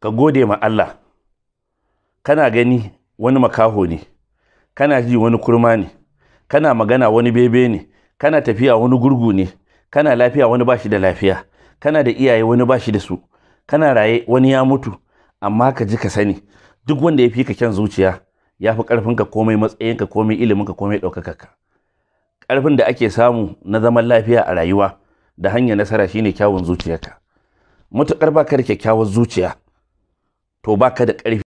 ka gode ma Allah kana gani wani makaho ne kana ji wani kurma ne kana magana wani bebe ne kana tafiya wani gurgu ne kana lafiya wani bashi da lafiya kana da iyaye wani bashi da su kana raye wani ya mutu amma ka ji ka sani duk wanda ya fi ka kyan zuciya ya fi ƙarfinka komai matsayinka komai iliminka komai ɗaukakarka ƙarfin da ake samu na zaman lafiya a rayuwa da hanyar nasara shine kyawun zuciyarka matuƙar ba ka kyakkyawar zuciya to baka da ƙarfi